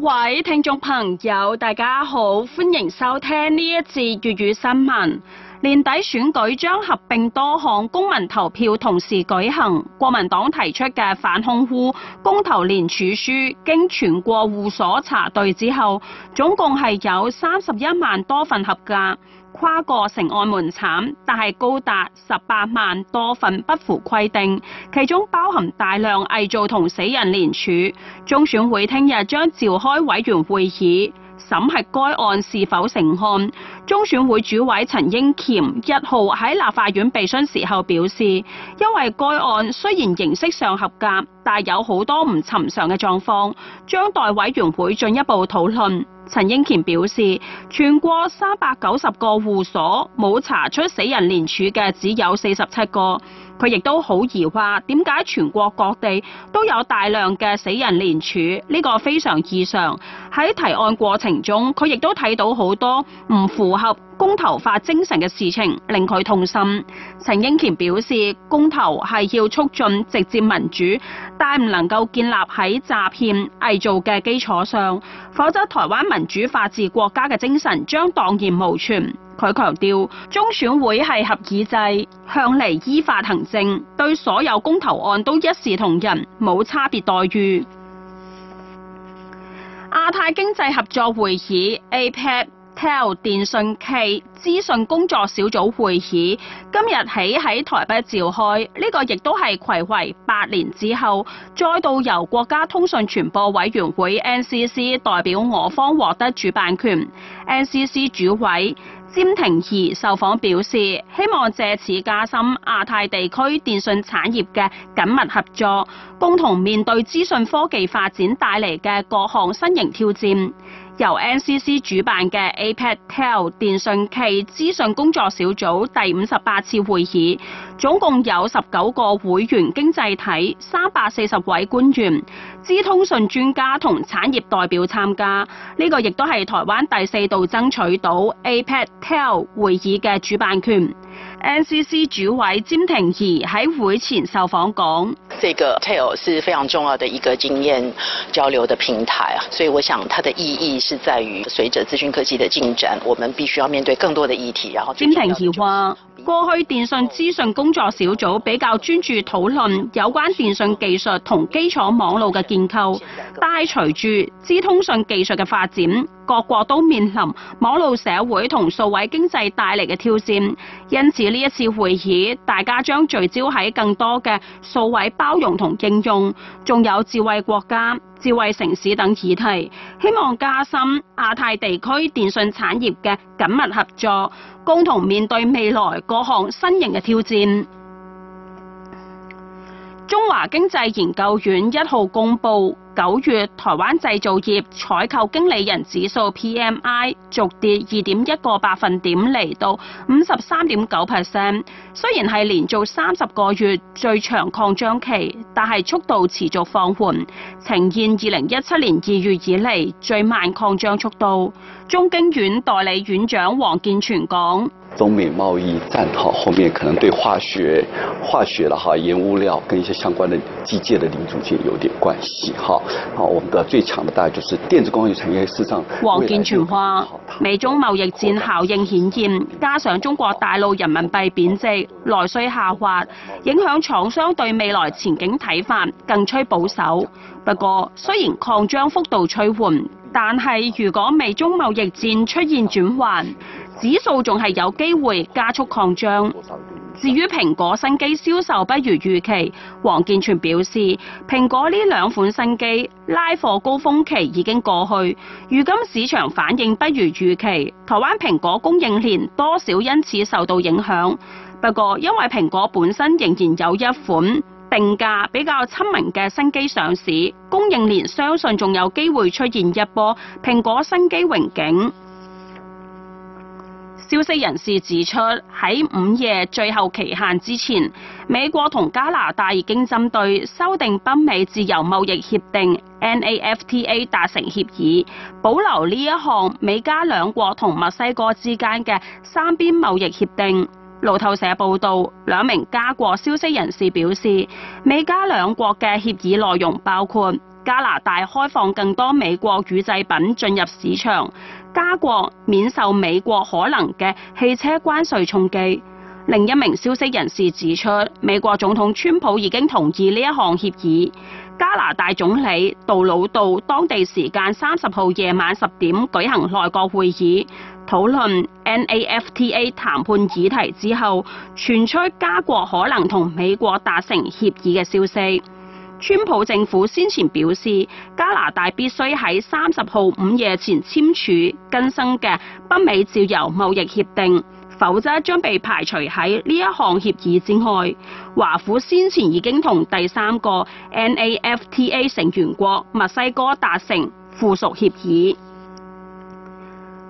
各位聽眾朋友，大家好，歡迎收聽呢一節粵語新聞。年底選舉將合併多項公民投票同時舉行。國民黨提出嘅反空污公投聯署書，經全國戶所查對之後，總共係有三十一萬多份合格。跨過成案門檻，但係高達十八萬多份不符規定，其中包含大量偽造同死人連署。中選會聽日將召開委員會議，審核該案是否成案。中選會主委陳英鈐一號喺立法院備詢時候表示，因為該案雖然形式上合格，但有好多唔尋常嘅狀況，將待委員會進一步討論。陳英鈐表示，全國三百九十個戶所，冇查出死人連署嘅只有四十七個。佢亦都好疑惑點解全國各地都有大量嘅死人連署，呢個非常異常。喺提案過程中，佢亦都睇到好多唔符合公投法精神嘅事情，令佢痛心。陳英鈐表示，公投係要促進直接民主，但唔能夠建立喺詐騙偽造嘅基礎上，否則台灣民主法治國家嘅精神將蕩然無存。佢強調，中選會係合議制，向嚟依法行政，對所有公投案都一視同仁，冇差別待遇。亞太經濟合作會議 （APEC） TEL，電信暨資訊工作小組會議今日起喺台北召開，呢、這個亦都係睽違八年之後再度由國家通訊傳播委員會 （NCC） 代表我方獲得主辦權。NCC 主委。詹婷怡受訪表示，希望借此加深亞太地區電信產業嘅緊密合作，共同面對資訊科技發展帶嚟嘅各項新型挑戰。由 NCC 主辦嘅 APEC Tel 電信暨資訊工作小組第五十八次會議，總共有十九個會員經濟體、三百四十位官員、資通訊專家同產業代表參加。呢、這個亦都係台灣第四度爭取到 APEC Tel 會議嘅主辦權。NCC 主委詹婷怡喺會前受訪講。這個 TEL 是非常重要的一個經驗交流的平台，所以我想它的意義是在於，隨着資訊科技的進展，我們必須要面對更多的議題。然後，詹婷怡話：過去電信資訊工作小組比較專注討論有關電信技術同基礎網絡嘅建構，但係隨住資通訊技術嘅發展。各國都面臨網路社會同數位經濟帶嚟嘅挑戰，因此呢一次會議，大家將聚焦喺更多嘅數位包容同應用，仲有智慧國家、智慧城市等議題，希望加深亞太地區電信產業嘅緊密合作，共同面對未來各項新型嘅挑戰。中華經濟研究院一號公布。九月台灣製造業採購經理人指數 PMI 續跌二點一個百分點嚟到五十三點九 percent，雖然係連續三十個月最長擴張期，但係速度持續放緩，呈現二零一七年二月以嚟最慢擴張速度。中經院代理院長王健全講。中美貿易戰哈，後面可能對化學、化學啦哈，鹽物料跟一些相關的機械的零組件有點關係哈。啊，我們的最強的大概就是電子工業產業市場，事實上。王建全話：美中貿易戰效應顯現，加上中國大陸人民幣貶值、內需下滑，影響廠商對未來前景睇法更趨保守。不過，雖然擴張幅度趨緩，但係如果美中貿易戰出現轉換。指數仲係有機會加速擴張。至於蘋果新機銷售不如預期，黃建全表示，蘋果呢兩款新機拉貨高峰期已經過去，如今市場反應不如預期，台灣蘋果供應鏈多少因此受到影響。不過，因為蘋果本身仍然有一款定價比較親民嘅新機上市，供應鏈相信仲有機會出現一波蘋果新機榮景。消息人士指出，喺午夜最後期限之前，美國同加拿大已經針對修訂北美自由貿易協定 （NAFTA） 達成協議，保留呢一項美加兩國同墨西哥之間嘅三邊貿易協定。路透社報道，兩名加國消息人士表示，美加兩國嘅協議內容包括加拿大開放更多美國乳製品進入市場。加國免受美國可能嘅汽車關稅衝擊。另一名消息人士指出，美國總統川普已經同意呢一項協議。加拿大總理杜魯道當地時間三十號夜晚十點舉行內閣會議，討論 NAFTA 談判議題之後，傳出加國可能同美國達成協議嘅消息。川普政府先前表示，加拿大必須喺三十號午夜前簽署更新嘅北美自由貿易協定，否則將被排除喺呢一項協議之外。華府先前已經同第三個 NAFTA 成員國墨西哥達成附屬協議。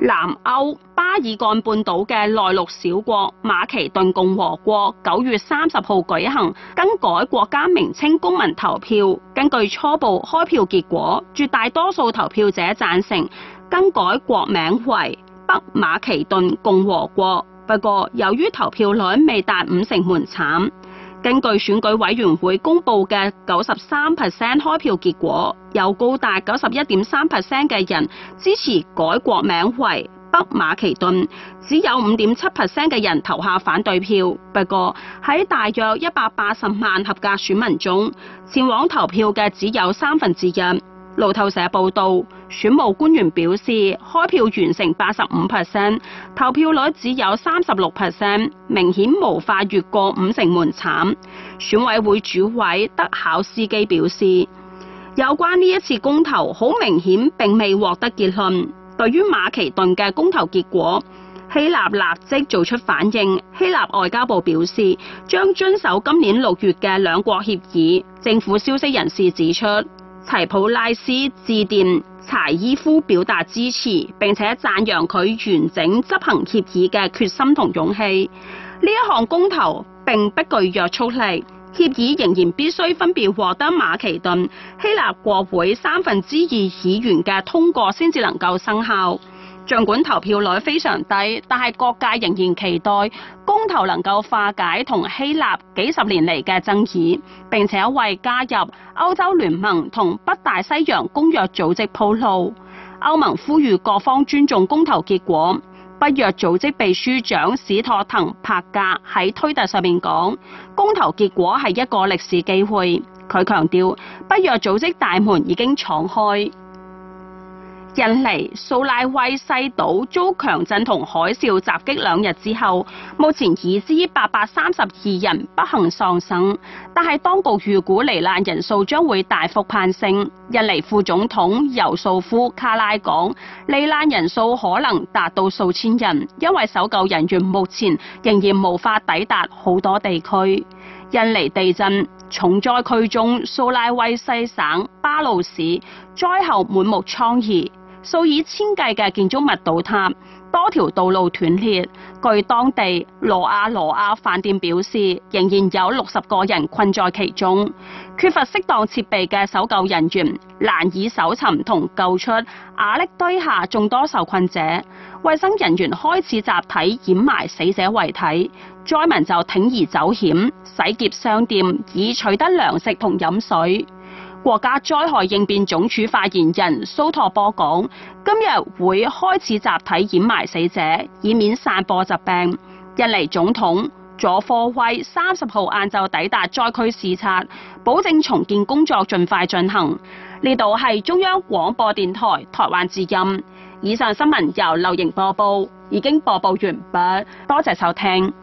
南歐巴爾幹半島嘅內陸小國馬其頓共和國，九月三十號舉行更改國家名稱公民投票。根據初步開票結果，絕大多數投票者贊成更改國名為北馬其頓共和國。不過，由於投票率未達五成門檻。根據選舉委員會公佈嘅九十三 percent 開票結果，有高達九十一點三 percent 嘅人支持改國名為北馬其頓，只有五點七 percent 嘅人投下反對票。不過，喺大約一百八十萬合格選民中，前往投票嘅只有三分之一。路透社報道，選務官員表示，開票完成八十五 percent，投票率只有三十六 percent，明顯無法越過五成門檻。選委會主委德考斯基表示，有關呢一次公投，好明顯並未獲得結論。對於馬其頓嘅公投結果，希臘立即做出反應。希臘外交部表示，將遵守今年六月嘅兩國協議。政府消息人士指出，齊普拉斯致電柴伊夫，表達支持，並且讚揚佢完整執行協議嘅決心同勇氣。呢一項公投並不具約束力，協議仍然必須分別獲得馬其頓、希臘國會三分之二議員嘅通過，先至能夠生效。儘管投票率非常低，但係各界仍然期待公投能夠化解同希臘幾十年嚟嘅爭議，並且為加入歐洲聯盟同北大西洋公約組織鋪路。歐盟呼籲各方尊重公投結果。北約組織秘書長史托騰柏格喺推特上面講：公投結果係一個歷史機會。佢強調，北約組織大門已經敞開。印尼蘇拉威西島遭強震同海嘯襲擊兩日之後，目前已知八百三十二人不幸喪生，但係當局預估罹難人數將會大幅攀升。印尼副總統尤素夫·卡拉講，罹難人數可能達到數千人，因為搜救人員目前仍然無法抵達好多地區。印尼地震重災區中蘇拉威西省巴魯市災後滿目瘡痍。數以千計嘅建築物倒塌，多條道路斷裂。據當地羅亞羅亞飯店表示，仍然有六十個人困在其中，缺乏適當設備嘅搜救人員難以搜尋同救出瓦礫堆下眾多受困者。衛生人員開始集體掩埋死者遺體，災民就鋌而走險洗劫商店，以取得糧食同飲水。國家災害應變總署發言人蘇托波講：今日會開始集體掩埋死者，以免散播疾病。印尼總統佐科威三十號晏晝抵達災區視察，保證重建工作盡快進行。呢度係中央廣播電台台灣之音。以上新聞由劉瑩播報，已經播報完畢，多謝收聽。